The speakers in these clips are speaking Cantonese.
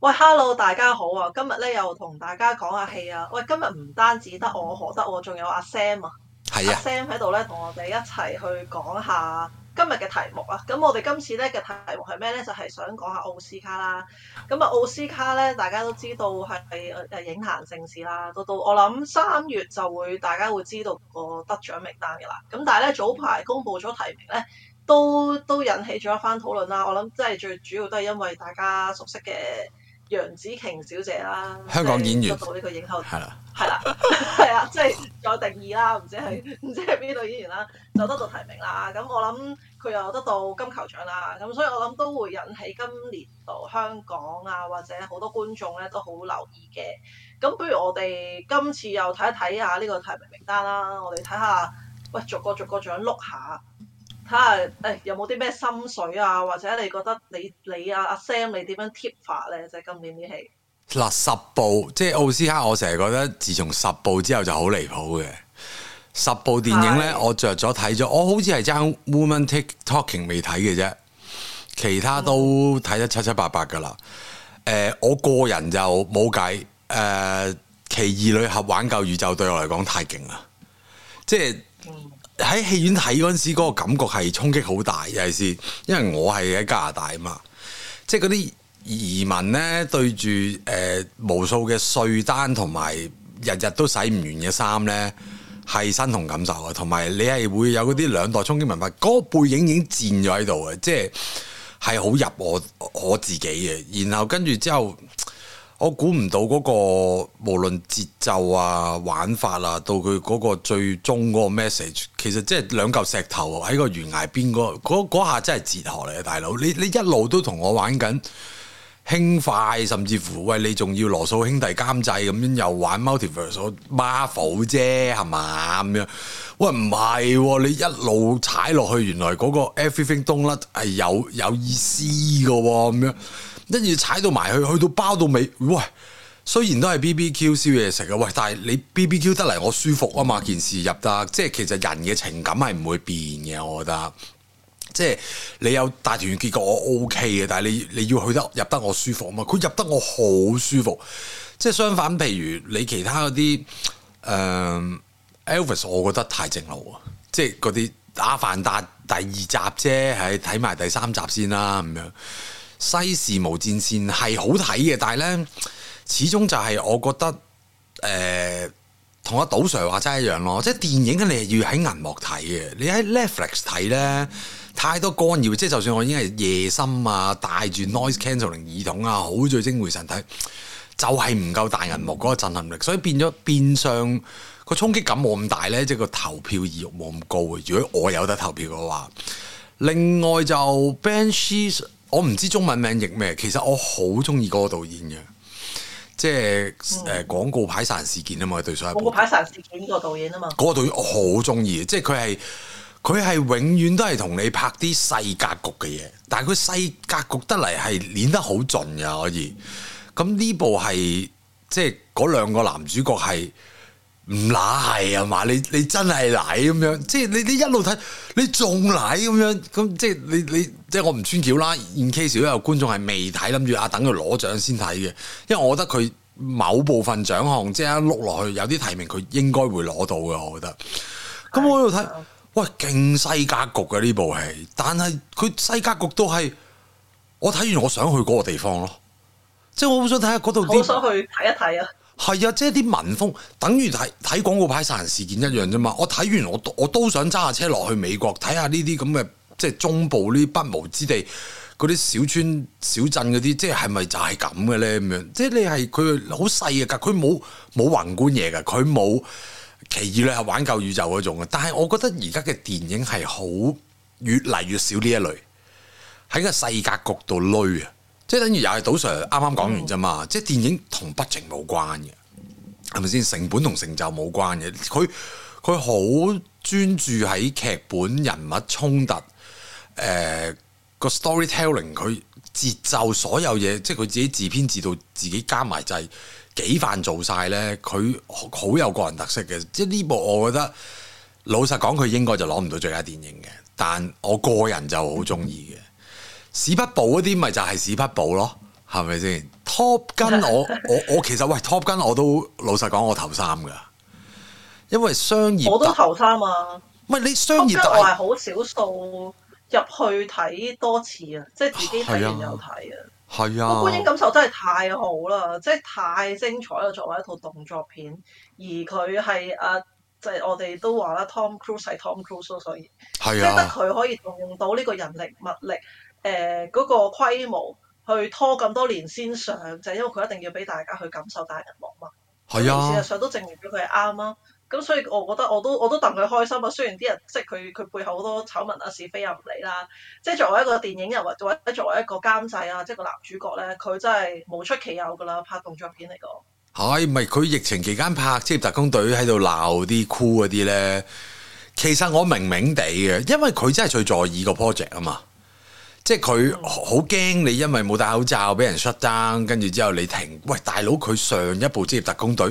喂，Hello，大家好啊！今日咧又同大家講下戲啊！喂，今日唔單止得我，我何得我，我仲有阿 Sam 啊，啊阿 Sam 喺度咧同我哋一齊去講下今日嘅題目啊！咁我哋今次咧嘅題目係咩咧？就係想講下奧斯卡啦。咁啊，奧斯卡咧，大家都知道係係影壇盛事啦。到到我諗三月就會大家會知道個得獎名單噶啦。咁但係咧早排公布咗提名咧，都都引起咗一番討論啦。我諗即係最主要都係因為大家熟悉嘅。楊紫瓊小姐啦，香港演員得到呢個影后，係啦的，係啦 係啊，即係再定義啦，唔知係唔知係邊度演員啦，就得到提名啦。咁我諗佢又得到金球獎啦。咁所以我諗都會引起今年度香港啊，或者好多觀眾咧都好留意嘅。咁不如我哋今次又睇一睇下呢個提名名單啦。我哋睇下，喂，逐個逐個獎碌下。睇下誒，看看有冇啲咩心水啊？或者你覺得你你阿、啊、阿、啊、Sam 你點樣 t 法咧？就係今年啲戲嗱、啊、十部，即係奧斯卡，我成日覺得自從十部之後就好離譜嘅十部電影咧，是我着咗睇咗，我好似係爭 Woman Tik Toking 未睇嘅啫，其他都睇得七七八八噶啦。誒、嗯呃，我個人就冇計誒，呃《奇異女俠》挽救宇宙對我嚟講太勁啦，即係。嗯喺戲院睇嗰陣時，嗰、個感覺係衝擊好大，尤其係，因為我係喺加拿大嘛，即係嗰啲移民呢，對住誒、呃、無數嘅稅單同埋日日都洗唔完嘅衫呢，係身同感受啊，同埋你係會有嗰啲兩代衝擊文化，嗰、個背影已經佔咗喺度嘅，即係係好入我我自己嘅，然後跟住之後。我估唔到嗰、嗰個無論節奏啊玩法啊，到佢嗰個最終嗰個 message，其實即係兩嚿石頭喺個懸崖邊嗰下真係哲學嚟啊！大佬，你你一路都同我玩緊輕快，甚至乎喂，你仲要羅素兄弟監製咁樣又玩 Multiverse Marvel 啫， 係嘛咁樣？喂，唔係、啊、你一路踩落去，原來嗰個 Everything Don't 東甩係有有，有意思嘅、啊，咁樣。跟住踩到埋去，去到包到尾，喂！雖然都係 B B Q 燒嘢食啊，喂！但係你 B B Q 得嚟我舒服啊嘛，件事入得，即係其實人嘅情感係唔會變嘅，我覺得。即係你有大團圓結局，我 O K 嘅，但係你你要去得入得我舒服啊嘛，佢入得我好舒服。即係相反，譬如你其他嗰啲誒，Elvis，我覺得太正路啊，即係嗰啲阿凡達第二集啫，係睇埋第三集先啦，咁樣。西線無戰事係好睇嘅，但係呢，始終就係我覺得，誒、呃，同阿賭 Sir 話齋一樣咯。即係電影你係要喺銀幕睇嘅。你喺 Netflix 睇呢，太多干擾。即係就算我已經係夜深啊，戴住 noise cancelling 耳筒啊，好聚精會神睇，就係、是、唔夠大銀幕嗰個震撼力。所以變咗變相、嗰個衝擊感冇咁大呢。即係個投票意欲冇咁高嘅。如果我有得投票嘅話，另外就 Banshees 我唔知中文名譯咩？其實我好中意嗰個導演嘅，即係誒、廣告牌殺人事件啊嘛，對上一部。廣告牌殺人事件個導演啊嘛。嗰個導演我好中意，即係佢係佢係永遠都係同你拍啲細格局嘅嘢，但係佢細格局得嚟係練得好盡噶可以。咁呢部係即係嗰兩個男主角係。唔賴係啊嘛，你你真係賴咁樣，即係你你一路睇你仲賴咁樣，咁即係你你即係我唔穿橋啦，in case 都有觀眾係未睇，諗住啊等佢攞獎先睇嘅，因為我覺得佢某部分獎項即係一碌落去有啲提名佢應該會攞到嘅，我覺得。咁的我喺度睇，喂，勁西格局嘅呢部戲，但係佢西格局都係我睇完我想去嗰個地方咯，即係我好想睇下嗰度我想去睇一睇啊。係啊，即係啲民風，等於睇睇廣告牌殺人事件一樣啫嘛。我睇完我都我都想揸下車落去美國睇下呢啲咁嘅，即係中部呢啲不毛之地嗰啲小村小鎮嗰啲，即係係咪就係咁嘅呢？咁樣即係你係佢好細嘅，佢冇冇宏觀嘢嘅，佢冇奇異女俠玩救宇宙嗰種啊。但係我覺得而家嘅電影係好越嚟越少呢一類，喺個世界局度累啊！即係等於又係賭 Sir 啱啱講完啫嘛！即係電影同劇情冇關嘅，係咪先？成本同成就冇關嘅，佢佢好專注喺劇本、人物衝突、誒、呃、個 storytelling，佢節奏所有嘢，即係佢自己自編自導，自己加埋製幾範做晒呢。佢好，好有個人特色嘅。即係呢部，我覺得老實講，佢應該就攞唔到最佳電影嘅，但我個人就好鍾意嘅。嗯屎不補嗰啲咪就係屎不補咯，係咪先？Top Gun 我我我其實喂 Top Gun 我都老實講我頭三噶，因為商業我都頭三啊。唔係你商業我係好少數入去睇多次啊，即係自己睇完又睇啊。係啊，個觀影感受真係太好啦，即係太精彩啦，作為一套動作片，而佢係誒即係我哋都話啦，Tom Cruise 係 Tom Cruise 咯，所以，啊，即係得佢可以動用到呢個人力物力。誒嗰、呃那個規模去拖咁多年先上，就係、是、因為佢一定要俾大家去感受大銀幕嘛。係啊，事實上都證明咗佢係啱啦。咁所以我覺得我都我都戥佢開心啊。雖然啲人即係佢佢背後好多醜聞啊、是非又唔理啦。即係作為一個電影人或者作為一個監製啊，即係個男主角咧，佢真係無出其右噶啦！拍動作片嚟講。係咪佢疫情期間拍《職業特工隊》喺度鬧啲 crew 嗰啲咧？其實我明明地嘅，因為佢真係最在意個 project 啊嘛。即係佢好驚你，因為冇戴口罩俾人 shut down，跟住之後你停。喂大佬，佢上一部職業特工隊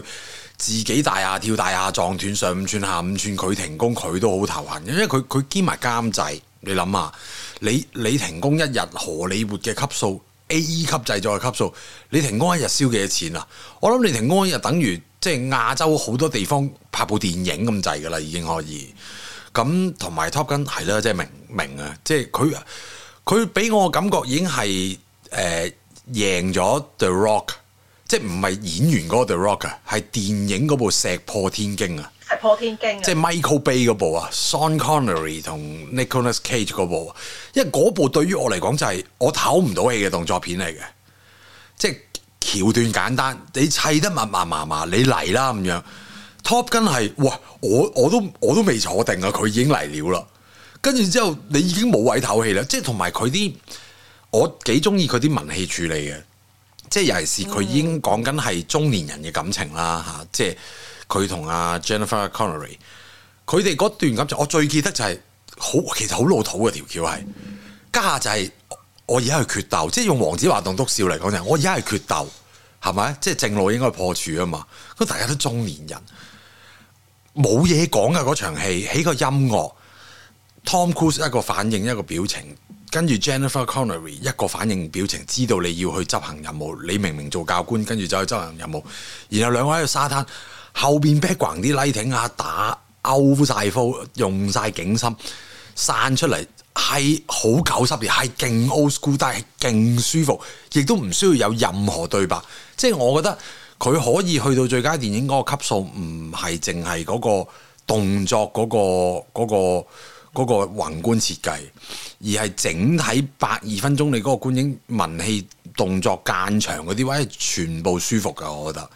自己大下跳大下撞斷上五寸下五寸，佢停工佢都好頭痕。因為佢佢兼埋監製，你諗下，你你停工一日荷里活嘅級數 A e 級製作嘅級數，你停工一日燒幾多錢啊？我諗你停工一日等於即係亞洲好多地方拍部電影咁滯噶啦，已經可以。咁同埋 Top Gun 係啦，即係明明啊，即係佢。佢俾我感覺已經係誒、呃、贏咗 The Rock，即係唔係演員嗰 The Rock 啊，係電影嗰部《石破天驚》啊，石破天驚即係 Michael Bay 嗰部啊，Sean Connery 同 Nicolas Cage 嗰部，因為嗰部對於我嚟講就係我唞唔到氣嘅動作片嚟嘅，即係橋段簡單，你砌得密麻麻麻，你嚟啦咁樣、嗯，Top Gun 係哇，我我都我都未坐定啊，佢已經嚟了啦。跟住之後，你已經冇位透氣啦，即係同埋佢啲，我幾中意佢啲文戲處理嘅，即係尤其是佢已經講緊係中年人嘅感情啦，吓、mm，hmm. 即係佢同阿 Jennifer Connelly 佢哋嗰段感情我最記得就係、是、好，其實好老土嘅條橋係，家下就係我而家係決鬥，即係用黃子華棟篤笑嚟講就，我而家係決鬥，係咪？即係正路應該破處啊嘛，咁大家都中年人，冇嘢講嘅嗰場戲，起個音樂。Tom Cruise 一個反應一個表情，跟住 Jennifer Connery 一個反應表情，知道你要去執行任務。你明明做教官，跟住走去執行任務。然後兩位喺度沙灘後邊 background 啲 lighting 啊，打 out 晒 f 曬褲，用晒景深，散出嚟係好九十年，係勁 old school，但係勁舒服，亦都唔需要有任何對白。即係我覺得佢可以去到最佳電影嗰個級數，唔係淨係嗰個動作嗰個嗰個。那個嗰個宏觀設計，而係整體百二分鐘你嗰個觀影文戲動作間長嗰啲位係全部舒服噶，我覺得。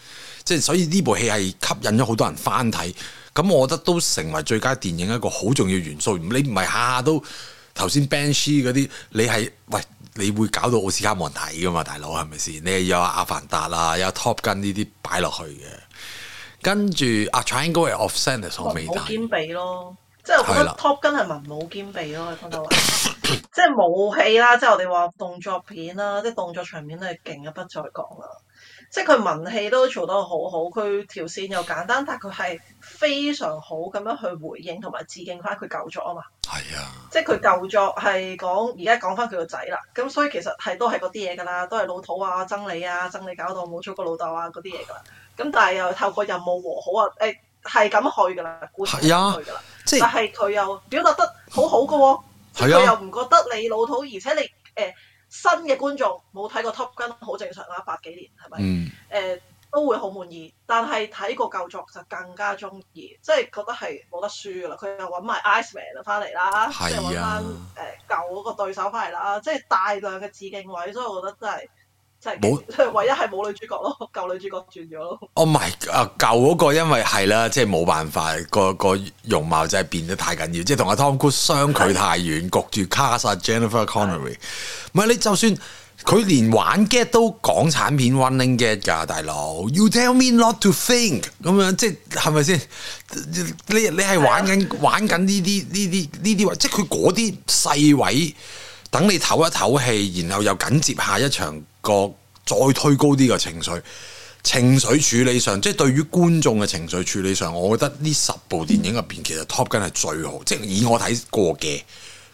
即係所以呢部戲係吸引咗好多人翻睇，咁我覺得都成為最佳電影一個好重要元素。你唔係下下都頭先 Banshee 嗰啲，你係喂，你會搞到奧斯卡冇人睇噶嘛，大佬係咪先？你係有阿凡達啊，有 Top Gun 呢啲擺落去嘅。跟住啊 Triangle of Sadness，但我未睇。即係我覺得 top 梗係文武兼備咯佢講到即係武器啦，即係我哋話動作片啦，即係動作場面都係勁一筆，再講啦。即係佢文戲都做得好好，佢條線又簡單，但係佢係非常好咁樣去回應同埋致敬翻佢舊作啊嘛。係啊， 即係佢舊作係講而家講翻佢個仔啦，咁所以其實係都係嗰啲嘢噶啦，都係老土啊、憎你啊、憎你搞到冇咗個老豆啊嗰啲嘢噶啦。咁但係又透過任務和好啊誒。哎係咁去噶啦，觀眾去噶啦，即係佢又表達得好好噶喎，佢、啊、又唔覺得你老土，而且你誒、呃、新嘅觀眾冇睇過 Top Gun，好正常啦，百幾年係咪？誒、嗯呃、都會好滿意，但係睇過舊作就更加中意，即、就、係、是、覺得係冇得輸噶啦，佢又搵埋 Iceman 翻嚟啦，即係搵翻誒舊嗰個對手翻嚟啦，即、就、係、是、大量嘅致敬位，所以我覺得真係。即係冇，唯一係冇女主角咯，舊女主角轉咗咯。哦，唔係，啊，舊嗰個因為係啦，即係冇辦法，個個容貌真係變得太緊要，即係同阿 Tom Cruise 相距太遠，焗住卡實 Jennifer Connelly 唔係的你就算佢連玩 get 都港產片 running get 噶，大佬，You tell me not to think 咁樣，即係係咪先？你你係玩緊的玩緊呢啲呢啲呢啲位，即係佢嗰啲細位，等你唞一唞氣，然後又緊接下一場。個再推高啲個情緒，情緒處理上，即係對於觀眾嘅情緒處理上，我覺得呢十部電影入邊，嗯、其實 Top Gun 係最好，即係以我睇過嘅，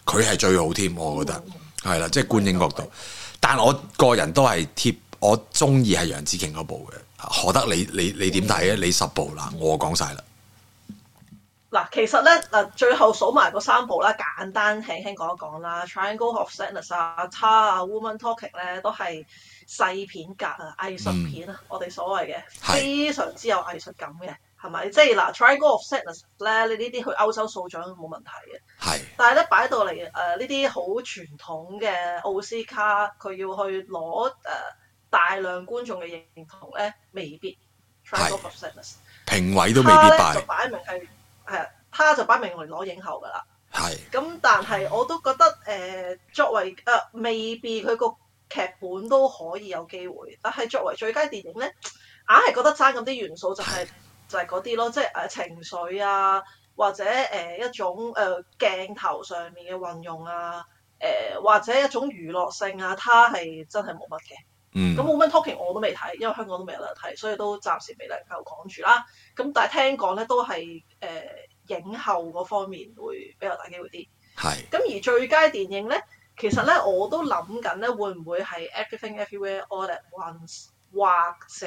佢係最好添，我覺得係啦，嗯，即係觀影角度。嗯、但我個人都係貼，我中意係楊紫瓊嗰部嘅，何得你你你點睇咧？你十部啦，我講晒啦。嗱，其實咧嗱，最後數埋嗰三部啦，簡單輕輕講一講啦。Triangle of Sadness 啊、Tár 啊、Woman Talking 咧，都係細片格啊、藝術片啊，嗯、我哋所謂嘅是非常之有藝術感嘅，係咪？即係嗱，Triangle of Sadness 咧，呢啲去歐洲掃獎都冇問題嘅。係是。但係咧，擺到嚟誒呢啲好傳統嘅奧斯卡，佢要去攞誒、呃、大量觀眾嘅認同咧，未必。Triangle of Sadness。評委都未必擺呢。就擺明係。係，他就擺明用嚟攞影后噶啦。係咁的，但係我都覺得誒、呃，作為誒、呃，未必佢個劇本都可以有機會。但係作為最佳電影咧，硬係覺得差咁啲元素就係、是、的就係嗰啲咯，即係誒情緒啊，或者誒、呃、一種誒、呃、鏡頭上面嘅運用啊，誒、呃、或者一種娛樂性啊，它係真係冇乜嘅。咁冇乜 talking，我都未睇，因為香港都未有得睇，所以都暫時未能夠講住啦。咁但係聽講咧，都係誒、呃、影后嗰方面會比較大機會啲。係是。咁而最佳電影咧，其實咧我都諗緊咧，會唔會係 Everything Everywhere All at Once，或者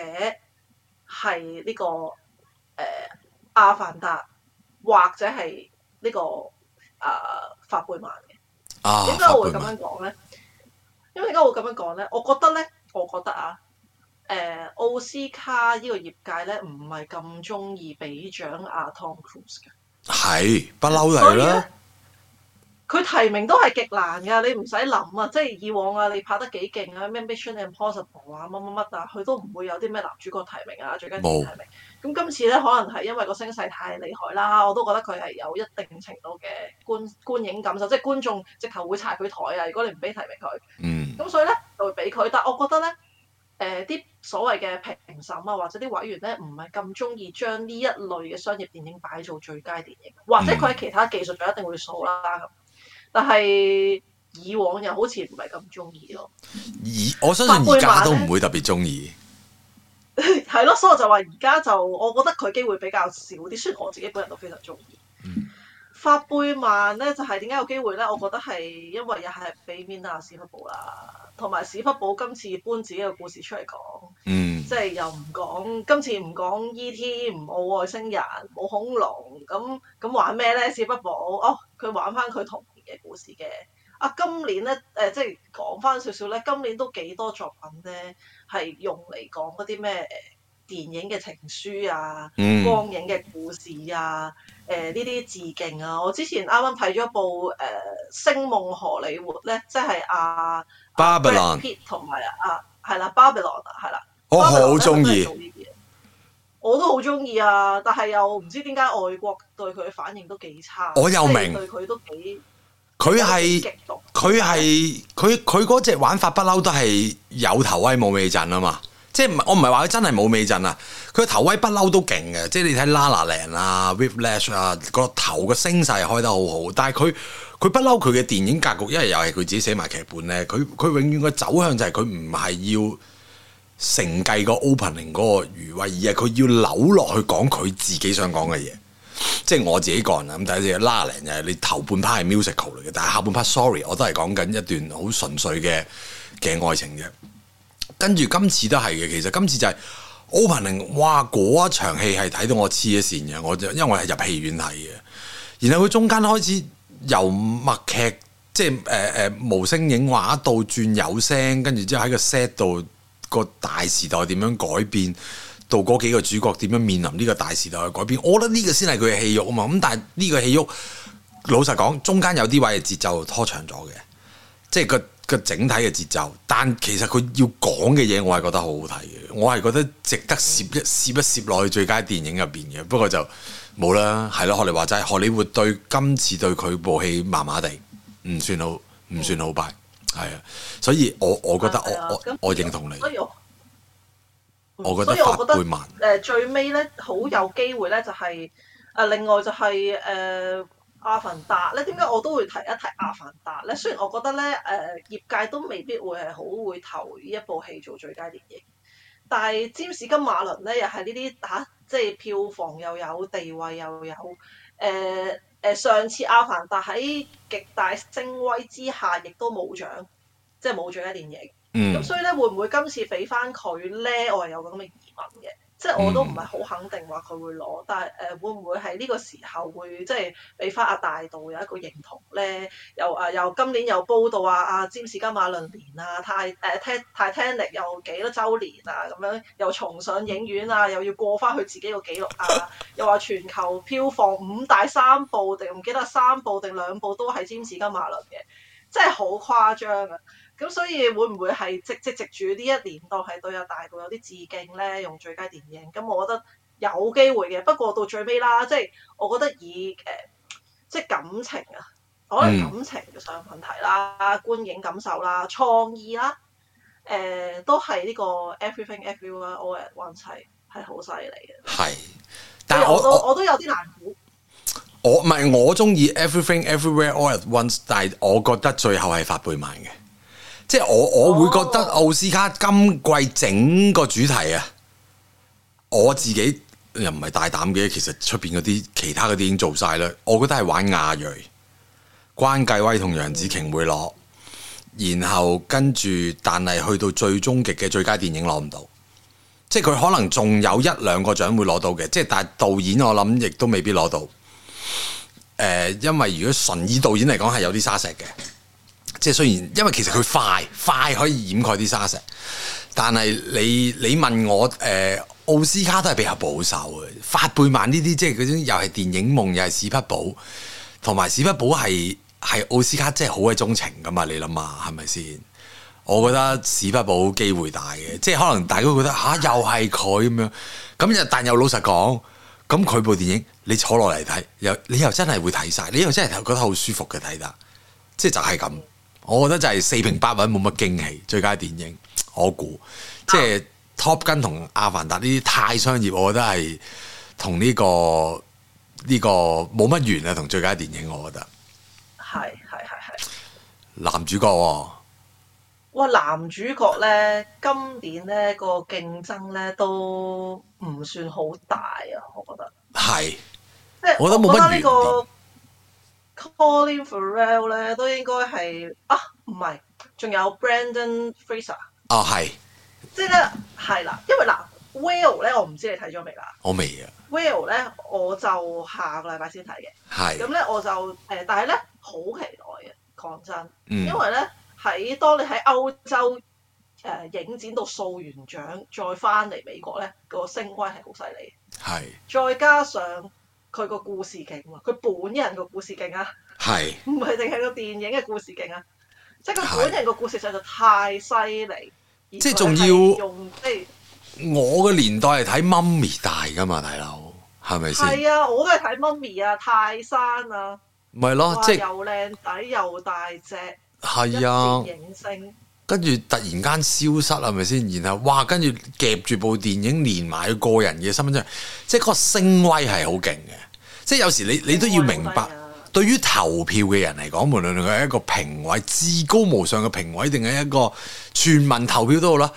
係呢、這個誒、呃、阿凡達，或者係呢、這個啊、呃、法貝曼嘅。點解、啊、我會咁樣講咧？因為點解會咁樣講咧？我覺得咧。我覺得啊，誒奧斯卡呢個業界咧，唔係咁中意俾獎阿 Tom Cruise 嘅，係不嬲嚟啦。佢、啊、提名都係極難㗎，你唔使諗啊，即係以往啊，你拍得幾勁啊，咩 Mission Impossible 啊，乜乜乜，啊，佢都唔會有啲咩男主角提名啊，最緊要提名。咁今次咧，可能係因為個聲勢太厲害啦，我都覺得佢係有一定程度嘅觀觀影感受，即係觀眾直頭會拆佢台啊！如果你唔俾提名佢，咁、嗯、所以咧就會俾佢。但係我覺得咧，誒、呃、啲所謂嘅評審啊，或者啲委員咧，唔係咁中意將呢一類嘅商業電影擺做最佳電影，嗯、或者佢喺其他技術就一定會數啦。但係以往又好似唔係咁中意咯。而我相信而家都唔會特別中意。係咯， 所以我就話而家就，我覺得佢機會比較少啲，雖然我自己本人都非常中意。法貝曼咧就係點解有機會咧？我覺得係因為又係俾面啊史匹堡啦，同埋史匹堡今次搬自己嘅故事出嚟講，即係、嗯、又唔講今次唔講 E.T. 唔好外星人冇恐龍咁咁玩咩咧？史匹堡哦，佢、oh，玩翻佢童年嘅故事嘅。啊，今年咧，誒、呃，即係講翻少少咧，今年都幾多作品咧，係用嚟講嗰啲咩誒電影嘅情書啊，嗯、光影嘅故事啊，誒呢啲致敬啊。我之前啱啱睇咗部誒、呃《星夢荷里活》咧，即係阿巴比倫同埋啊，係啦，巴比倫係啦，我好中意。我都好中意啊，但係又唔知點解外國對佢反應都幾差，我又明對佢都幾。佢係佢係佢佢嗰隻玩法不嬲都係有頭威冇尾陣啊嘛！即係唔我唔係話佢真係冇尾陣 La La 啊！佢個頭威不嬲都勁嘅，即係你睇 La La Land 啊、Whiplash 啊，個頭個聲勢開得好好。但係佢佢不嬲佢嘅電影格局，一係又係佢自己寫埋劇本咧。佢佢永遠嘅走向就係佢唔係要承繼個 opening 嗰個餘威，而係佢要扭落去講佢自己想講嘅嘢。即係我自己個人諗，第一隻 La La Land 就係你頭半 part 係 musical 嚟嘅，但係下半 part sorry 我都係講緊一段好純粹嘅嘅愛情啫。跟住今次都係嘅，其實今次就係 opening，哇嗰一場戲係睇到我黐咗線嘅，我因為我係入戲院睇嘅。然後佢中間開始由默劇，即係誒誒無聲影畫到轉有聲，跟住之後喺個 set 度個大時代點樣改變。到嗰幾個主角點樣面臨呢個大時代嘅改變，我覺得呢個先係佢嘅戲肉啊嘛。咁但係呢個戲肉，老實講中間有啲位嘅節奏拖長咗嘅，即係個個整體嘅節奏。但其實佢要講嘅嘢，我係覺得好好睇嘅，我係覺得值得攝一攝一攝落去最佳電影入邊嘅。不過就冇啦，係咯。學你話齋，荷里活對今次對佢部戲麻麻地，唔算好，唔算好拍，係啊的。所以我我覺得我我我，我認同你。所以我覺得誒、呃、最尾咧好有機會咧就係、是、誒另外就係、是、誒、呃、阿凡達咧，點解我都會提一提阿凡達咧？雖然我覺得咧誒、呃、業界都未必會係好會投呢一部戲做最佳電影，但係《占士金馬倫呢》咧又係呢啲嚇，即、啊、係、就是、票房又有地位又有誒誒、呃、上次阿凡達喺極大聲威之下，亦都冇獎，即係冇最佳電影。咁、嗯、所以咧，會唔會今次俾翻佢咧？我係有咁嘅疑問嘅，即係我都唔係好肯定話佢會攞，但係誒、呃、會唔會喺呢個時候會即係俾翻阿大道有一個認同咧？又啊又今年又報到啊啊《占士金馬倫年啊》啊，《Titanic 又幾多周年啊？咁樣又重上影院啊，又要過翻佢自己個紀錄啊？啊又話全球票房五大三部定唔記得三部定兩部都係《占士金馬倫》嘅，真係好誇張啊！咁所以會唔會係直即直住呢一年度，係對阿大導有啲致敬咧？用最佳電影咁，我覺得有機會嘅。不過到最尾啦，即係我覺得以誒、呃，即係感情啊，可能感情嘅上問題啦、觀影感受啦、創意啦，誒、呃、都係呢個 Everything Everywhere All At Once 係係好犀利嘅。係，但係我我都我，我都有啲難估。我唔係我中意 Everything Everywhere All At Once，但係我覺得最後係法貝曼嘅。即係我我會覺得奧斯卡今季整個主題啊，我自己又唔係大膽嘅，其實出邊嗰啲其他嗰啲已經做晒啦。我覺得係玩亞裔，關繼威同楊紫瓊會攞，然後跟住但係去到最終極嘅最佳電影攞唔到，即係佢可能仲有一兩個獎會攞到嘅，即係但係導演我諗亦都未必攞到，呃，因為如果純以導演嚟講係有啲沙石嘅。即係雖然，因為其實佢快快可以掩蓋啲沙石，但係你你問我誒、呃、奧斯卡都係比較保守嘅，法貝曼呢啲即係嗰種又係電影夢，又係史匹堡，同埋史匹堡係係奧斯卡真係好鬼鍾情噶嘛？你諗下係咪先？我覺得史匹堡機會大嘅，即係可能大家覺得吓、啊、又係佢咁樣，咁又但又老實講，咁佢部電影你坐落嚟睇，又你又真係會睇晒，你又真係覺得好舒服嘅睇得，即係就係咁。我覺得就係四平八穩，冇乜驚喜。最佳電影我估，啊、即係《Top Gun》同《阿凡達》呢啲太商業，我覺得係同呢個呢、呢個冇乜緣啊。同最佳電影，我覺得係係係係男主角。哇！男主角呢，今年呢、呢個競爭呢都唔算好大啊，我覺得係。我覺得冇乜緣。c a l l i n g f o r r e l l 咧都應該係啊，唔係，仲有 Brandon Fraser。哦，係，即係咧，係啦，因為嗱 w i l l 咧，我唔知你睇咗未啦。我未啊。w i l l 咧，我就下個禮拜先睇嘅。係是。咁咧，我就誒、呃，但係咧，好期待嘅，講真，因為咧，喺、嗯、當你喺歐洲誒、呃、影展到數完獎，再翻嚟美國咧，那個升級係好犀利。係是。再加上。佢個故事勁啊！佢本人個故事勁啊！係是，唔係淨係個電影嘅故事勁啊！是即係佢本人個故事實在太犀利，即係仲要即係我嘅年代係睇媽咪大㗎嘛，大佬係咪先？係啊！我都係睇媽咪啊，泰山啊，唔係咯，即係又靚仔又大隻，係啊，影星。跟住突然間消失係咪先？然後哇，跟住夾住部電影連埋佢個人嘅身份證，即係嗰個聲威係好勁嘅。即係有時你你都要明白，對於投票嘅人嚟講，無論佢係一個評委、至高無上嘅評委，定係一個全民投票都好啦。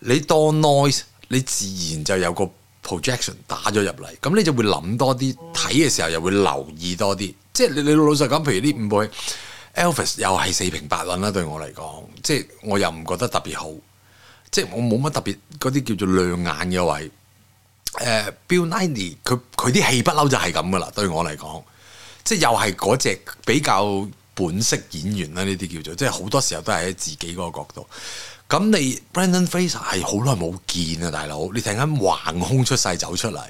你多 noise，你自然就有個 projection 打咗入嚟，咁你就會諗多啲，睇嘅、嗯、時候又會留意多啲。即係你你老實講，譬如呢五部。嗯 Elvis 又係四平八穩啦，對我嚟講，即係我又唔覺得特別好，即係我冇乜特別嗰啲叫做亮眼嘅位。誒、uh，Bill Nighy 佢佢啲戲不嬲就係咁噶啦，對我嚟講，即係又係嗰隻比較本色演員啦，呢啲叫做，即係好多時候都係喺自己嗰個角度。咁你 Brendan Fraser 係好耐冇見啊，大佬，你突然間橫空出世走出嚟，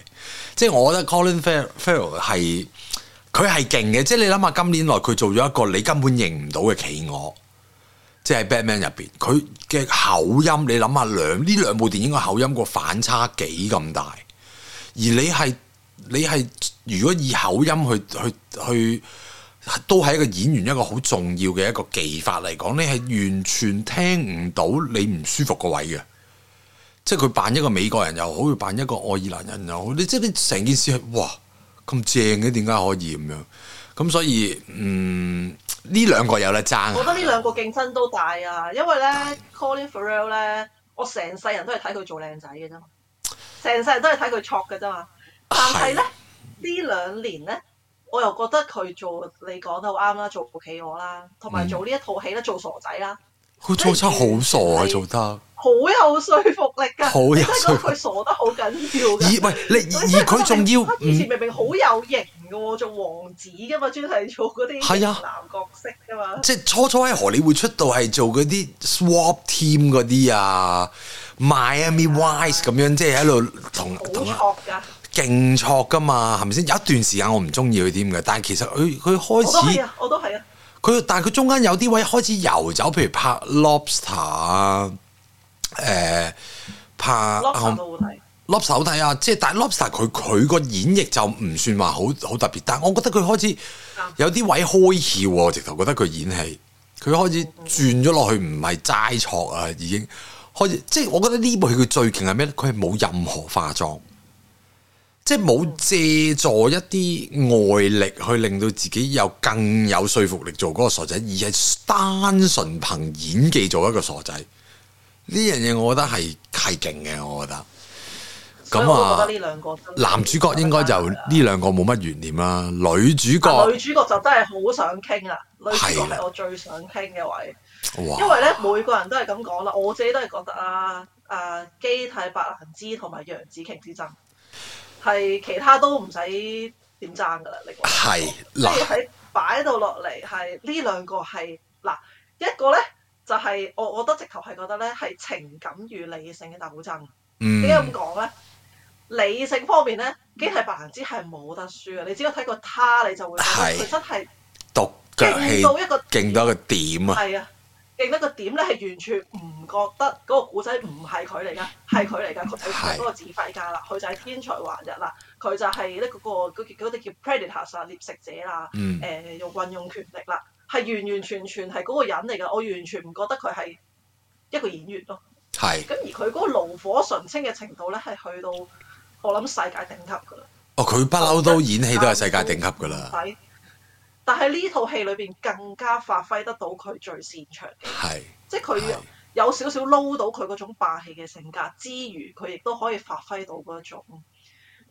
即係我覺得 Colin Farrell 係。佢係勁嘅，即係你諗下，今年來佢做咗一個你根本認唔到嘅企鵝，即係 Batman 入邊，佢嘅口音，你諗下兩呢兩部電影嘅口音個反差幾咁大，而你係你係如果以口音去去去，都係一個演員一個好重要嘅一個技法嚟講，你係完全聽唔到你唔舒服個位嘅，即係佢扮一個美國人又好，佢扮一個愛爾蘭人又好，你即係你成件事係哇！咁正嘅點解，可以咁樣？咁所以嗯呢兩個有得爭。我覺得呢兩個競爭都大啊，因為咧對 Colin Farrell 咧，我成世人都係睇佢做靚仔嘅啫嘛，成世人都係睇佢挫嘅啫嘛。但係咧呢兩是年咧，我又覺得佢做，你講得好啱啦，做企鵝啦，同埋做呢一套戲咧，做傻仔啦。嗯佢做真好傻啊！做得好有說服力噶，即係講佢傻得好緊要。而喂，你而佢仲要以前明明好有型噶喎，做王子噶嘛，專係做嗰啲男角色噶嘛。即係初初喺荷里活出道，係做嗰啲 swap team 嗰啲啊，Miami Vice 咁樣，即係喺度同同，勁挫噶嘛，係咪先？有一段時間我唔中意佢啲嘅，但係其實佢佢開始，我都係啊。佢但係佢中間有啲位開始遊走，譬如拍 lobster、呃、ob 啊，誒拍 lobster、嗯、好睇啊，即係但 lobster 佢，佢個演繹就唔算話好好特別，但係我覺得佢開始有啲位開竅喎、啊，我直頭覺得佢演戲，佢開始轉咗落去，唔係齋錯啊，已經開始，即係我覺得呢部戲佢最勁係咩咧？佢係冇任何化妝。即係冇借助一啲外力去令到自己有更有說服力做嗰個傻仔，而係單純憑演技做一個傻仔。呢樣嘢我覺得係係勁嘅，我覺得。咁啊所以、嗯。我覺得呢兩個、啊、男主角應該就呢兩個冇乜懸念啦。女主角女主角就真係好想傾啊，女主角係我最想傾嘅位。啦因為咧，每個人都係咁講啦，我自己都係覺得啊誒，基、啊、泰白蘭芝同埋楊紫瓊之爭。係其他都唔使點爭噶啦，你話係嗱，的擺到落嚟係呢兩個係嗱一個咧就係、是、我我都覺得直頭係覺得咧係情感與理性嘅鬥爭，點解咁講咧？理性方面咧，姬蒂白蘭芝係冇得輸嘅，你只要睇過他，你就會覺得佢真係讀腳勁到一個勁到一個點啊！記得個點咧，係完全唔覺得嗰個故仔唔係佢嚟噶，係佢嚟噶，佢係嗰個指揮家啦，佢是就係天才橫溢啦，佢就係咧嗰個啲、那個、叫 predators 啊，獵食者啦，誒用、嗯呃、運用權力啦，係完完全全係嗰個人嚟噶，我完全唔覺得佢係一個演員咯。係是。咁而佢嗰個爐火純青嘅程度咧，係去到我諗世界頂級噶啦。哦，佢不嬲都演戲都係世界頂級噶啦。嗯嗯嗯嗯嗯嗯但喺呢套戲裏邊，更加發揮得到佢最擅長嘅，是即係佢有少少撈到佢嗰種霸氣嘅性格之餘，佢亦都可以發揮到嗰種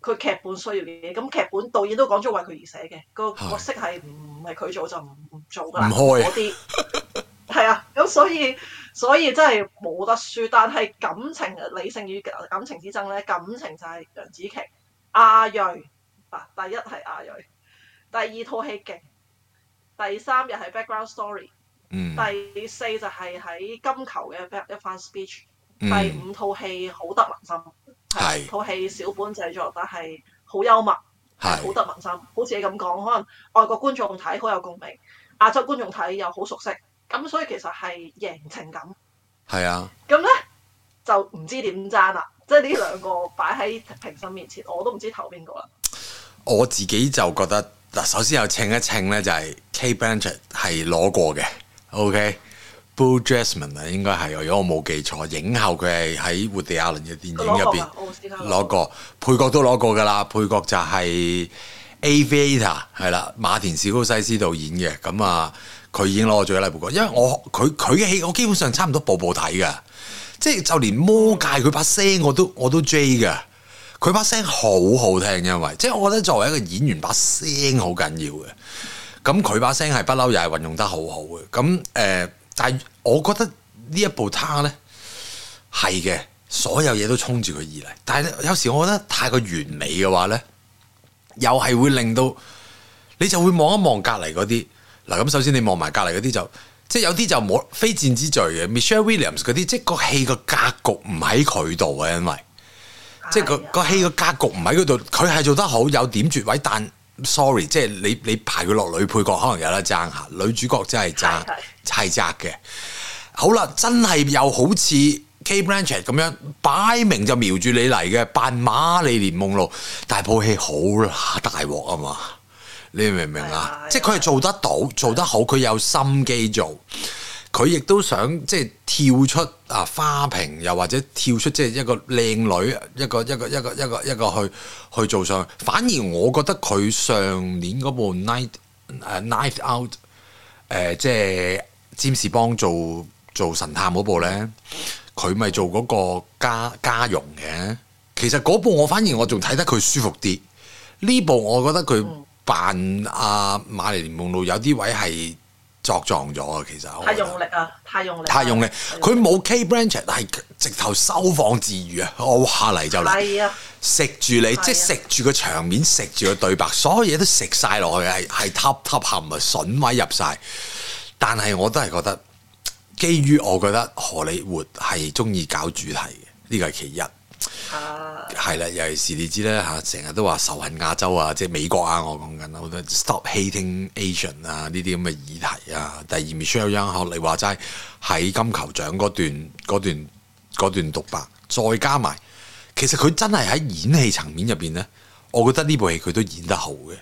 佢劇本需要嘅嘢。咁劇本導演都講咗為佢而寫嘅個是角色係唔係佢做就唔唔做㗎啦。嗰啲係啊，咁所以所以真係冇得輸。但係感情理性與感情之爭咧，感情就係楊紫瓊、阿睿。嗱。第一係阿睿，第二套戲勁。第三日係 background story，、嗯、第四就係喺金球嘅一番 speech，、嗯、第五套戲好得民心。套戲小本製作但係好幽默，好是得民心。好似你咁講，可能外國觀眾睇好有共鳴，亞洲觀眾睇又好熟悉。咁所以其實係贏情感，係啊。咁咧就唔知點爭啦，即係呢兩個擺喺評審面前，我都唔知投邊個啦。我自己就覺得。嗱，首先又稱一稱咧，就係、是、Cate Blanchett 係攞過嘅，OK。Blue Jasmine 啊，應該係，如果我冇記錯，影后佢係喺《活地亞倫》嘅電影入邊攞過，配角過都攞過噶啦，配角就係《Aviator》係啦，馬田史高西斯導演嘅，咁啊，佢已經攞咗最佳女配角，因為我佢佢嘅戲我基本上差唔多部部睇嘅，即係就連《魔戒》佢把聲我都我都追嘅。佢把聲好好聽，因為即係我覺得作為一個演員，把聲好緊要嘅。咁佢把聲係不嬲，又係運用得好好嘅。咁誒、呃，但係我覺得呢一部他咧係嘅，所有嘢都衝住佢而嚟。但係有時我覺得太過完美嘅話咧，又係會令到你就會望一望隔籬嗰啲嗱。咁首先你望埋隔籬嗰啲就，即係有啲就冇非戰之罪嘅。Michelle Williams 嗰啲，即係個戲個格局唔喺佢度嘅，因為。即係個個戲個格局唔喺嗰度，佢係做得好，有點絕位。但 sorry，即係你你排佢落女配角，可能有得爭吓。女主角真係爭，係窄嘅。好啦，真係又好似 Cate Blanchett 咁樣，擺明就瞄住你嚟嘅，扮瑪麗蓮夢露。大部戲好乸大鑊啊嘛，你明唔明啊？的即係佢係做得到，的做得好，佢有心機做。佢亦都想即係、就是、跳出啊花瓶，又或者跳出即係、就是、一個靚女，一個一個一個一個，一個，一，個一個去去做上。反而我覺得佢上年嗰部 Knives, Knives Out,、呃《Knives、就是》誒《Knives Out》誒，即係占士邦做做神探嗰部咧，佢咪做嗰個家家傭嘅。其實嗰部我反而我仲睇得佢舒服啲。呢部我覺得佢扮阿、啊、瑪麗蓮夢露有啲位係。作狀咗啊！其實太用力啊，太用力，太用力。佢冇 Cate Blanchett，係直頭收放自如啊！我下嚟就嚟，食住你，啊、即係食住個場面，食住個對白，所有嘢都食晒落去，係係吸吸含啊，唇位入晒筍位。但係我都係覺得，基於我覺得荷里活係中意搞主題嘅，呢個係其一。係啦、uh,，尤其是你知啦，吓、啊，成日都話仇恨亞洲啊，即係美國啊，我講緊好多 stop hating Asian 啊呢啲咁嘅議題啊。第二 Michelle Yeoh 學你話齋喺金球獎嗰段嗰段嗰段獨白，再加埋，其實佢真係喺演戲層面入邊呢。我覺得呢部戲佢都演得好嘅。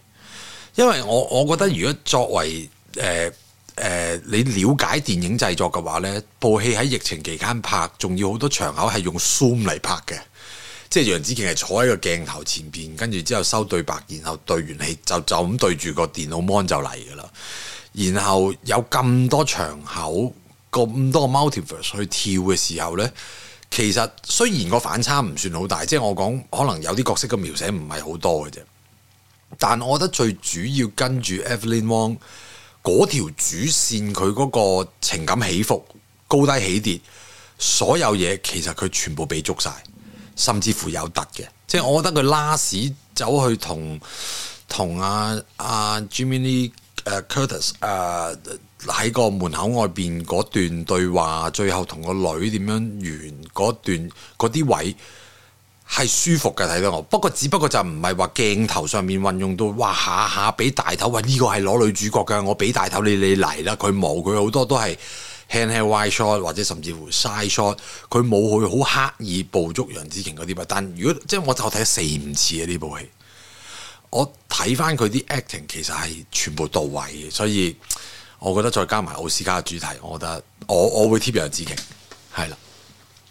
因為我我覺得如果作為誒誒、呃呃、你了解電影製作嘅話呢，部戲喺疫情期間拍，仲要好多場口係用 zoom 嚟拍嘅。即係楊紫瓊係坐喺個鏡頭前邊，跟住之後收對白，然後對完戲就就咁對住個電腦 mon 就嚟噶啦。然後有咁多場口，咁多 multiverse 去跳嘅時候呢，其實雖然個反差唔算好大，即係我講可能有啲角色嘅描寫唔係好多嘅啫。但我覺得最主要跟住 Evelyn Wong 嗰條主線，佢嗰個情感起伏、高低起跌，所有嘢其實佢全部被捉晒。甚至乎有得嘅，即、就、係、是、我覺得佢拉屎走去同同阿阿 Jamie、啊、Curtis 喺、啊、個門口外邊嗰段對話，最後同個女點樣完嗰段嗰啲位係舒服嘅睇到我，不過只不過就唔係話鏡頭上面運用到哇下下俾大頭，喂呢、這個係攞女主角嘅，我俾大頭你你嚟啦，佢冇佢好多都係。輕輕歪 shot 或者甚至乎 side shot，佢冇去好刻意捕捉楊紫瓊嗰啲乜，但如果即係我就睇咗四五次啊呢部戲，我睇翻佢啲 acting 其實係全部到位嘅，所以我覺得再加埋奧斯卡嘅主題，我覺得我我會 tip 楊紫瓊，係啦。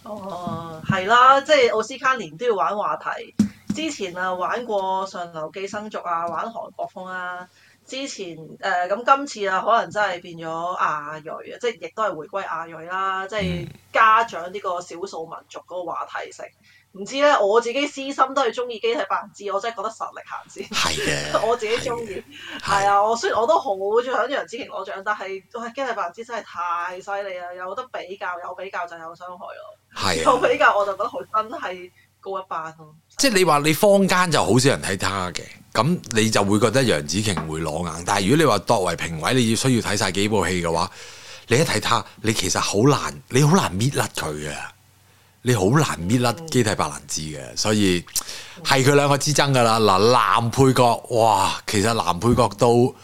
哦，係啦，即係奧斯卡年都要玩話題，之前啊玩過《上流寄生族》啊，玩韓國風啊。之前誒咁、呃、今次啊，可能真係變咗亞裔啊，即係亦都係回歸亞裔啦，即係加長呢個少數民族嗰個話題性。唔知咧，我自己私心都係中意姬蒂白蘭芝，我真係覺得實力行先。係的 我自己中意。係啊的的，我雖然我都好想楊紫瓊攞獎，但係哇，姬蒂白蘭芝真係太犀利啦！有得比較，有比較就有傷害咯。係的。有比較我就覺得佢真係。高一班咯，即係你話你坊間就好少人睇他嘅，咁你就會覺得楊紫瓊會攞硬。但係如果你話作為評委，你要需要睇晒幾部戲嘅話，你一睇他，你其實好難，你好難搣甩佢嘅，你好難搣甩姬蒂白蘭芝嘅，所以係佢兩個之爭噶啦。嗱，男配角，哇，其實男配角都。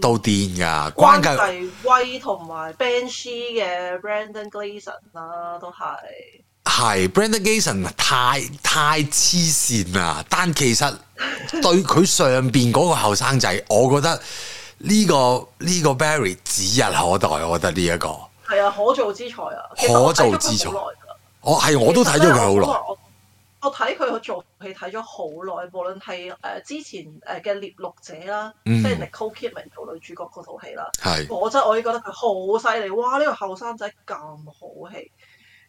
到電噶，關繼威同埋 Banshee 嘅 Brendan Gleeson 啦、啊，都係係 Brendan Gleeson，太太黐線啦！但其實對佢上邊嗰個後生仔， 我覺得呢、這個呢、這個 Barry 指日可待，我覺得呢、這、一個係啊，可造之才啊，可造之才。我係、哦、我都睇咗佢好耐。我睇佢個做戲睇咗好耐，無論係誒之前誒嘅獵鹿者啦，嗯、即係 Nicole Kidman 做女主角嗰套戲啦，是我真我已經覺得佢好犀利，哇！呢、這個後生仔咁好戲，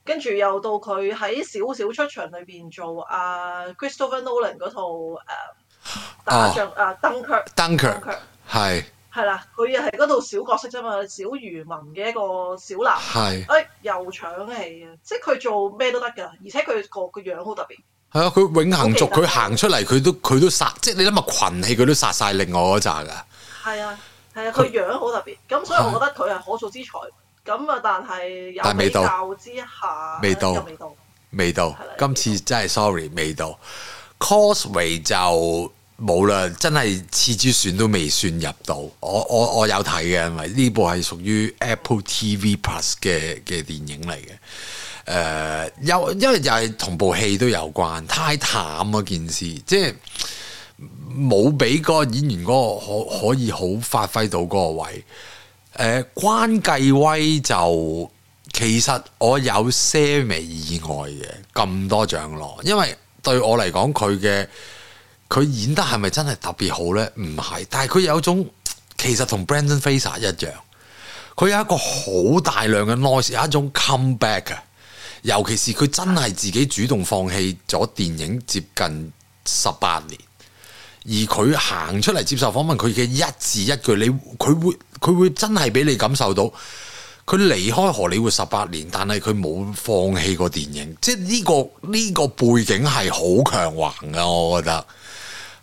跟住又到佢喺少少出場裏邊做啊、呃、Christopher Nolan 嗰套誒打仗啊 Dunkirk 係。係喇，佢又係嗰度小角色啫嘛，小漁民嘅一個小男，的哎又搶戲啊！即係佢做咩都得㗎，而且佢個個樣好特別。係啊，佢永恆族，佢行出嚟，佢都佢都殺，即係你諗下群戲，佢都殺晒另外嗰紮㗎。係啊，係啊，佢樣好特別，咁他所以我覺得佢係可造之材。咁啊的，但係有教之下，未到，未到，未到，今次真係 sorry，未到 Causeway 就。的冇啦，真係次之選都未選入到。我我我有睇嘅，因為呢部係屬於 Apple TV Plus 嘅嘅電影嚟嘅。誒、呃，有因為又係同部戲都有關，太淡嗰件事，即係冇俾個演員嗰個可以可以好發揮到嗰個位。誒、呃，關繼威就其實我有些微意外嘅，咁多獎攞，因為對我嚟講佢嘅。佢演得係咪真係特別好呢？唔係，但係佢有種其實同 Brandon Fraser 一樣，佢有一個好大量嘅 noise，有一種 comeback 嘅。尤其是佢真係自己主動放棄咗電影接近十八年，而佢行出嚟接受訪問，佢嘅一字一句，你佢會佢會真係俾你感受到，佢離開荷里活十八年，但係佢冇放棄過電影，即係呢個呢個背景係好強橫嘅，我覺得。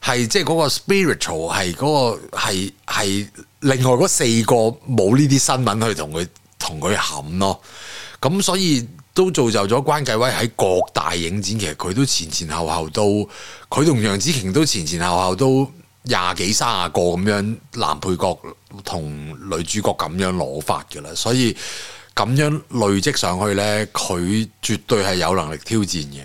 係即係嗰個 spiritual，係嗰、個係係另外嗰四個冇呢啲新聞去同佢同佢冚咯，咁所以都造就咗關繼威喺各大影展，其實佢都前前後後都，佢同楊紫瓊都前前後後都廿幾卅個咁樣男配角同女主角咁樣攞法噶啦，所以咁樣累積上去呢，佢絕對係有能力挑戰嘅。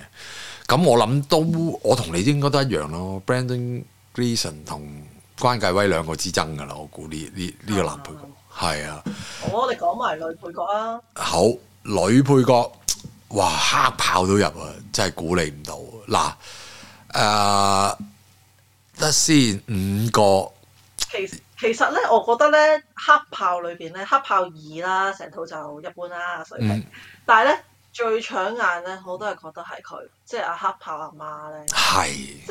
咁我諗都，我同你都應該都一樣咯。Brandon Gleason 同關繼威兩個之爭噶啦，我估呢呢呢個男配角係啊。我哋講埋女配角啊。好，女配角，哇，黑豹都入啊，真係估你唔到。嗱，誒、呃，得先五個。其其實咧，我覺得咧，黑豹裏邊咧，黑豹二啦，成套就一般啦水平，嗯、但係咧。最搶眼咧，好多人都覺得係佢，即係阿黑豹阿媽咧，即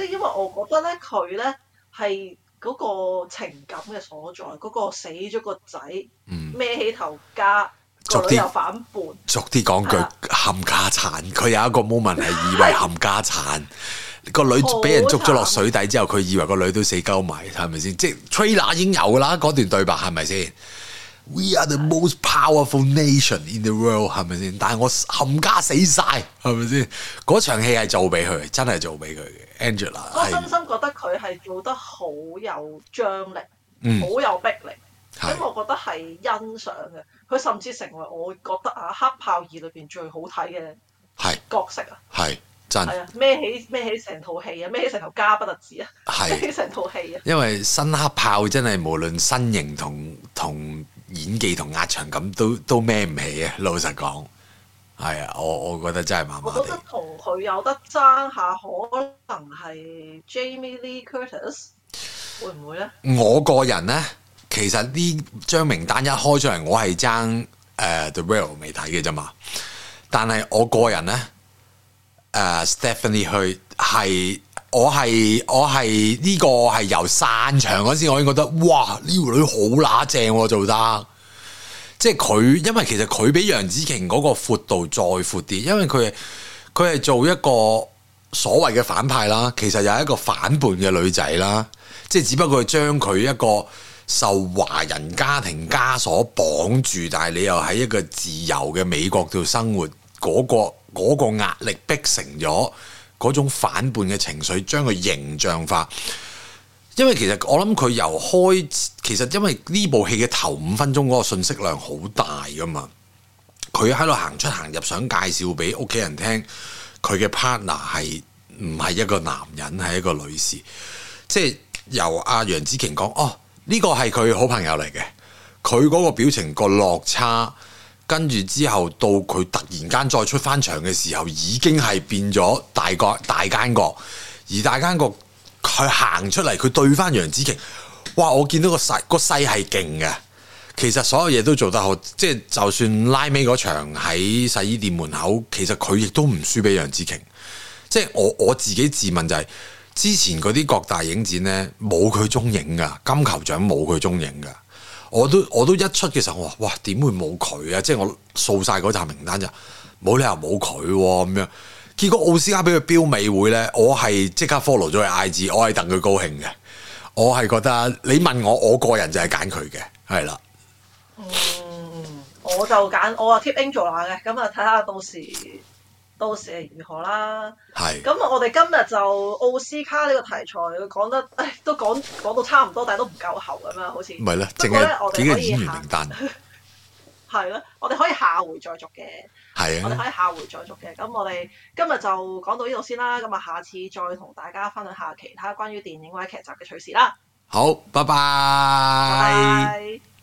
係是因為我覺得咧，佢咧係嗰個情感嘅所在，嗰、那個死咗個仔，孭、嗯、起頭家個女又反叛，逐啲講句冚、啊、家鏟，佢有一個 moment 係以為冚家鏟， 是個女俾人捉咗落水底之後，佢慘以為個女都死鳩埋，係咪先？即係 trailer 已經有㗎啦，嗰段對白係咪先？We are the most powerful nation in the world，係咪先？但係我冚家死晒，係咪先？嗰場戲係做俾佢，真係做俾佢嘅 Angela。我真心覺得佢係做得好有張力，嗯，好有逼力，咁是我覺得係欣賞嘅。佢甚至成為我覺得啊《黑豹二》裏邊最好睇嘅角色啊，係真係啊！孭起孭起成套戲啊，孭起成頭家不特止啊，孭是起成套戲啊！因為新黑豹真係無論身形同同，演技同壓場感都都孭唔起啊！老實講，係啊，我我覺得真係麻麻地。我覺得同佢有得爭下，可能係 Jamie Lee Curtis 會唔會咧？我個人咧，其實呢張名單一開出嚟，我係爭誒 The Real 未睇嘅啫嘛。但係我個人咧，誒、uh, Stephanie 去係。我係我係呢、這個係由散場嗰時我已經覺得，哇呢條女好乸正、啊、做得，即係佢因為其實佢比楊紫瓊嗰個闊度再闊啲，因為佢佢係做一個所謂嘅反派啦，其實又係一個反叛嘅女仔啦，即係只不過將佢一個受華人家庭枷鎖綁住，但係你又喺一個自由嘅美國度生活，嗰、那個嗰、那個壓力逼成咗。嗰種反叛嘅情緒，將佢形象化，因為其實我諗佢由開始，其實因為呢部戲嘅頭五分鐘嗰個信息量好大㗎嘛，佢喺度行出行入，想介紹俾屋企人聽，佢嘅 partner 係唔係一個男人，係一個女士，即係由阿楊紫瓊講，哦呢個係佢好朋友嚟嘅，佢嗰個表情個落差。跟住之後，到佢突然間再出翻場嘅時候，已經係變咗大角大奸角，而大奸角佢行出嚟，佢對翻楊紫瓊，哇！我見到、嗰個嗰個勢，個勢係勁嘅。其實所有嘢都做得好，即係就算拉尾嗰場喺洗衣店門口，其實佢亦都唔輸俾楊紫瓊。即係我我自己自問就係之前嗰啲各大影展呢，冇佢蹤影㗎，金球獎冇佢蹤影㗎。我都我都一出嘅時候，我話哇點會冇佢啊！即係我掃晒嗰集名單就冇理由冇佢咁樣。結果奧斯卡俾佢標尾會咧，我係即刻 follow 咗佢，IG，我係等佢高興嘅。我係覺得你問我我個人就係揀佢嘅，係啦。嗯，我就揀我話 tip Angela 嘅，咁啊睇下到時。到時係如何啦？係的。咁我哋今日就奧斯卡呢個題材講得，唉，都講講到差唔多，但係都唔夠喉咁樣，好似。唔係啦，淨係自己嘅演員名單。係咯， 我哋可以下回再續嘅。係啊，我哋可以下回再續嘅。咁我哋今日就講到呢度先啦。咁啊，下次再同大家分享下其他關於電影或者劇集嘅趣事啦。好，拜拜。 bye bye.